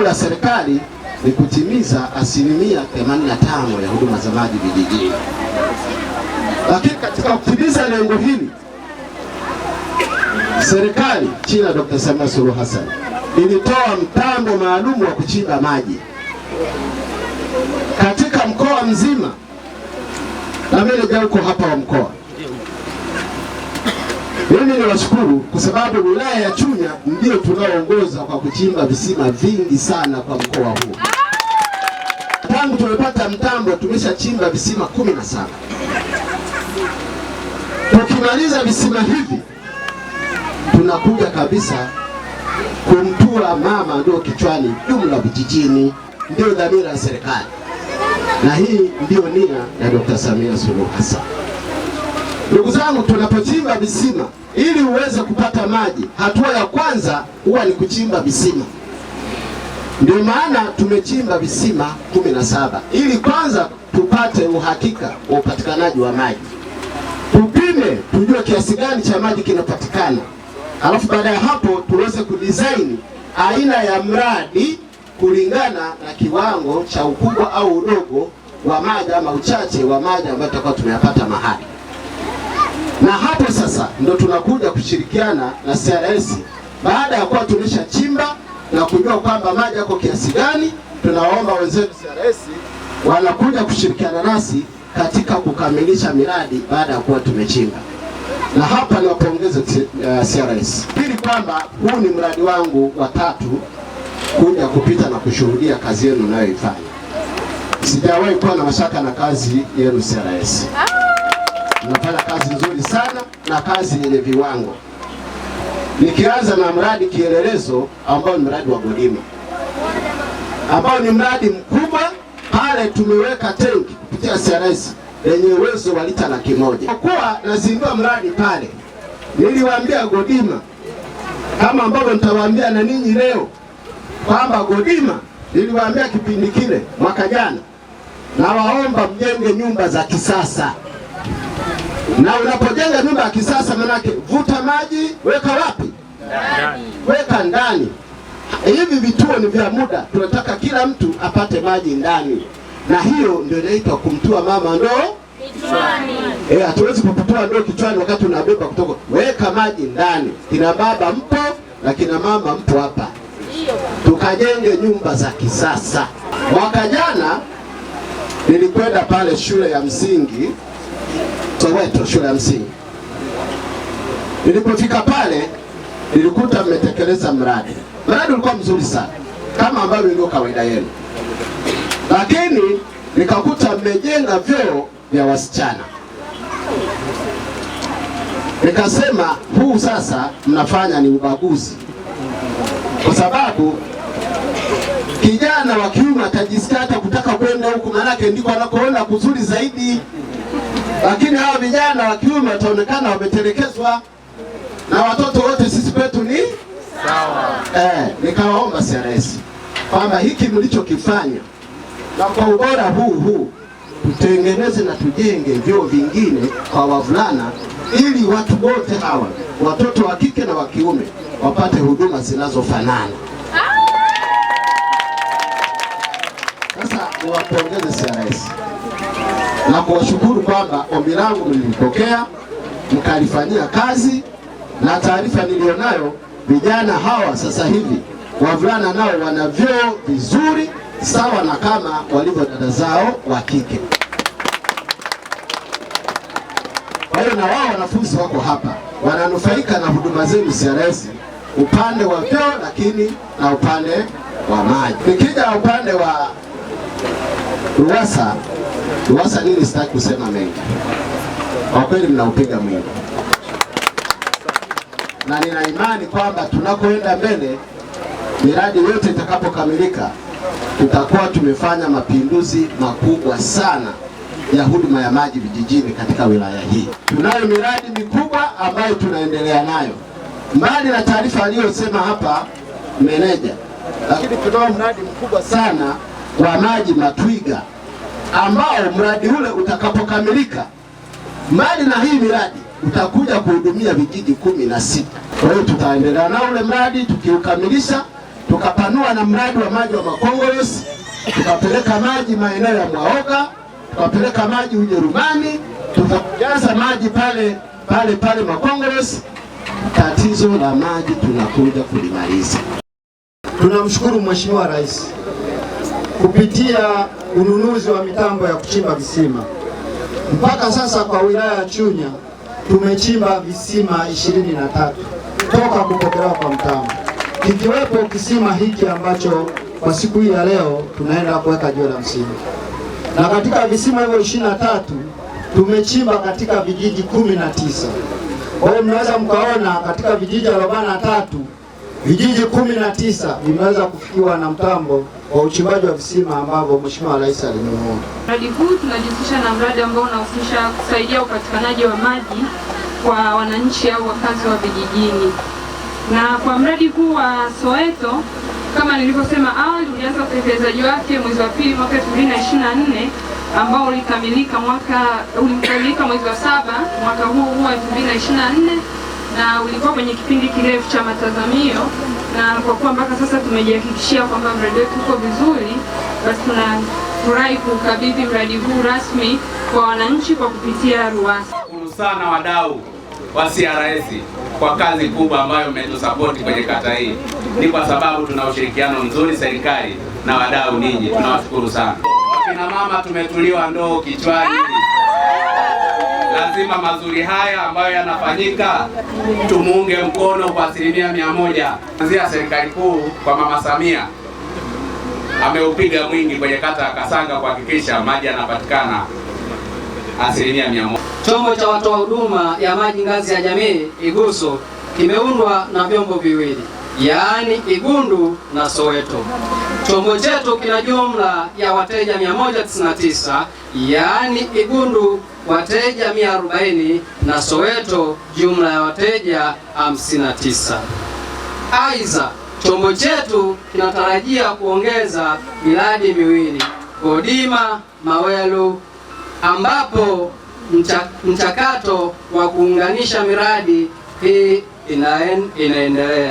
Lengo la serikali ni kutimiza asilimia 85 ya huduma za maji vijijini, lakini katika kutimiza lengo hili serikali chini ya Dkt. Samia Suluhu Hassan ilitoa mtambo maalum wa kuchimba maji katika mkoa mzima na meneja huko hapa wa mkoa mimi niwashukuru kwa sababu wilaya ya Chunya ndio tunaoongoza kwa kuchimba visima vingi sana kwa mkoa huu. Tangu tumepata mtambo tumeshachimba visima kumi na saba. Tukimaliza visima hivi tunakuja kabisa kumtua mama ndio kichwani jumla vijijini, ndio dhamira ya serikali na hii ndiyo nia ya Dr. Samia Suluhu Hassan. Ndugu zangu, tunapochimba visima ili uweze kupata maji, hatua ya kwanza huwa ni kuchimba visima. Ndio maana tumechimba visima kumi na saba ili kwanza tupate uhakika wa upatikanaji wa maji, tupime, tujue kiasi gani cha maji kinapatikana, alafu baada ya hapo tuweze kudesign aina ya mradi kulingana na kiwango cha ukubwa au udogo wa maji ama uchache wa maji ambayo tutakuwa tumeyapata mahali. Na hapo sasa ndo tunakuja kushirikiana na CRS baada ya kuwa tumeshachimba na kujua kwamba maji yako kiasi gani, tunawaomba wenzetu CRS wanakuja kushirikiana nasi katika kukamilisha miradi baada ya kuwa tumechimba. Na hapa niwapongeze uh, eh, CRS pili kwamba huu ni mradi wangu wa tatu kuja kupita na kushuhudia kazi yenu mnayoifanya. Sijawahi kuwa na mashaka na kazi yenu CRS. Ah! Mmefanya kazi nzuri sana na kazi yenye viwango. Nikianza na mradi kielelezo ambao ni mradi wa Godima ambao ni mradi mkubwa, pale tumeweka tenki kupitia CRS lenye uwezo wa lita laki moja. Kwa kuwa nazindua mradi pale, niliwaambia Godima kama ambavyo nitawaambia na ninyi leo kwamba Godima niliwaambia kipindi kile mwaka jana, nawaomba mjenge nyumba za kisasa. Na unapojenga nyumba ya kisasa, manake vuta maji, weka wapi? Ndani. Weka ndani. Hivi vituo ni vya muda, tunataka kila mtu apate maji ndani, na hiyo ndio inaitwa kumtua mama ndoo kichwani. Eh, hatuwezi kukutoa ndoo kichwani wakati unabeba kutoka. Weka maji ndani. Kina baba mpo na kina mama mpo hapa, tukajenge nyumba za kisasa. Mwaka jana nilikwenda pale shule ya msingi Soweto shule ya msingi. Nilipofika pale nilikuta mmetekeleza mradi. Mradi ulikuwa mzuri sana kama ambavyo ndio kawaida yenu, lakini nikakuta mmejenga vyoo vya wasichana. Nikasema huu sasa mnafanya ni ubaguzi, kwa sababu kijana wa kiume atajisikia hata kutaka kwenda huku, maanake ndiko anakoona kuzuri zaidi lakini hawa vijana wa kiume wataonekana wametelekezwa na watoto wote. Sisi kwetu ni sawa eh. Nikawaomba CRS kwamba hiki mlichokifanya na kwa ubora huu huu tutengeneze na tujenge vyoo vingine kwa wavulana, ili watu wote hawa watoto wa kike na wa kiume wapate huduma zinazofanana. Ah! Sasa niwapongeze CRS na kuwashukuru kwamba ombi langu mlilipokea mkalifanyia kazi, na taarifa nilionayo vijana hawa sasa hivi wavulana nao wana vyoo vizuri sawa na kama walivyo dada zao wa kike. Kwa hiyo na wao wanafunzi wako hapa wananufaika na huduma zenu CRS, upande wa vyoo lakini na upande wa maji. Nikija upande wa RUWASA Tuwasa nini, sitaki kusema mengi. Kwa kweli mnaupiga mwingi, na nina imani kwamba tunakoenda mbele, miradi yote itakapokamilika, tutakuwa tumefanya mapinduzi makubwa sana ya huduma ya maji vijijini katika wilaya hii. Tunayo miradi mikubwa ambayo tunaendelea nayo, mbali na taarifa aliyosema hapa meneja, lakini tunao mradi mkubwa sana wa maji Matwiga ambao mradi ule utakapokamilika, mbali na hii miradi utakuja kuhudumia vijiji kumi na sita. Kwa hiyo tutaendelea na ule mradi tukiukamilisha, tukapanua na mradi wa maji wa Makongolesi, tukapeleka maji maeneo ya Mwaoga, tukapeleka maji Ujerumani, tukajaza maji pale pale pale Makongolesi. Tatizo la maji tunakuja kulimaliza. Tunamshukuru Mheshimiwa Rais kupitia ununuzi wa mitambo ya kuchimba visima. Mpaka sasa kwa wilaya ya Chunya tumechimba visima ishirini na tatu toka kupokelewa kwa mtambo, kikiwepo kisima hiki ambacho kwa siku hii ya leo tunaenda kuweka jiwe la msingi. Na katika visima hivyo ishirini na tatu tumechimba katika vijiji kumi na tisa. Kwa hiyo mnaweza mkaona katika vijiji arobaini na tatu vijiji kumi na tisa vimeweza kufikiwa na mtambo kwa uchimbaji wa visima ambavyo Mheshimiwa Rais alinunua. Mradi huu tunajihusisha na mradi ambao unahusisha kusaidia upatikanaji wa maji kwa wananchi au wakazi wa vijijini, na kwa mradi huu wa Soweto kama nilivyosema awali ulianza utekelezaji wake mwezi wa pili mwaka 2024 ambao ulikamilika mwaka ulikamilika mwezi wa saba mwaka huu huu 2024 na ulikuwa kwenye kipindi kirefu cha matazamio, na kwa kuwa mpaka sasa tumejihakikishia kwamba mradi wetu uko vizuri, basi tunafurahi kukabidhi mradi huu rasmi kwa wananchi kwa kupitia RUWASA. Shukuru sana wadau wa CRS kwa kazi kubwa ambayo mmetusapoti kwenye kata hii, ni kwa sababu tuna ushirikiano mzuri serikali na wadau ninyi, tunawashukuru sana. Wakina mama tumetuliwa ndoo kichwani lazima mazuri haya ambayo yanafanyika tumuunge mkono kwa asilimia mia moja. Kuanzia serikali kuu kwa Mama Samia ameupiga mwingi kwenye kata ya Kasanga kuhakikisha maji yanapatikana asilimia mia moja. Chombo cha watoa huduma ya maji ngazi ya jamii IGUSO kimeundwa na vyombo viwili, yaani Igundu na Soweto. Chombo chetu kina jumla ya wateja 199 yaani Igundu wateja 140 na Soweto jumla ya wateja 59. Aidha, chombo chetu kinatarajia kuongeza miradi miwili Godima Mawelu, ambapo mchakato wa kuunganisha miradi hii inaendelea.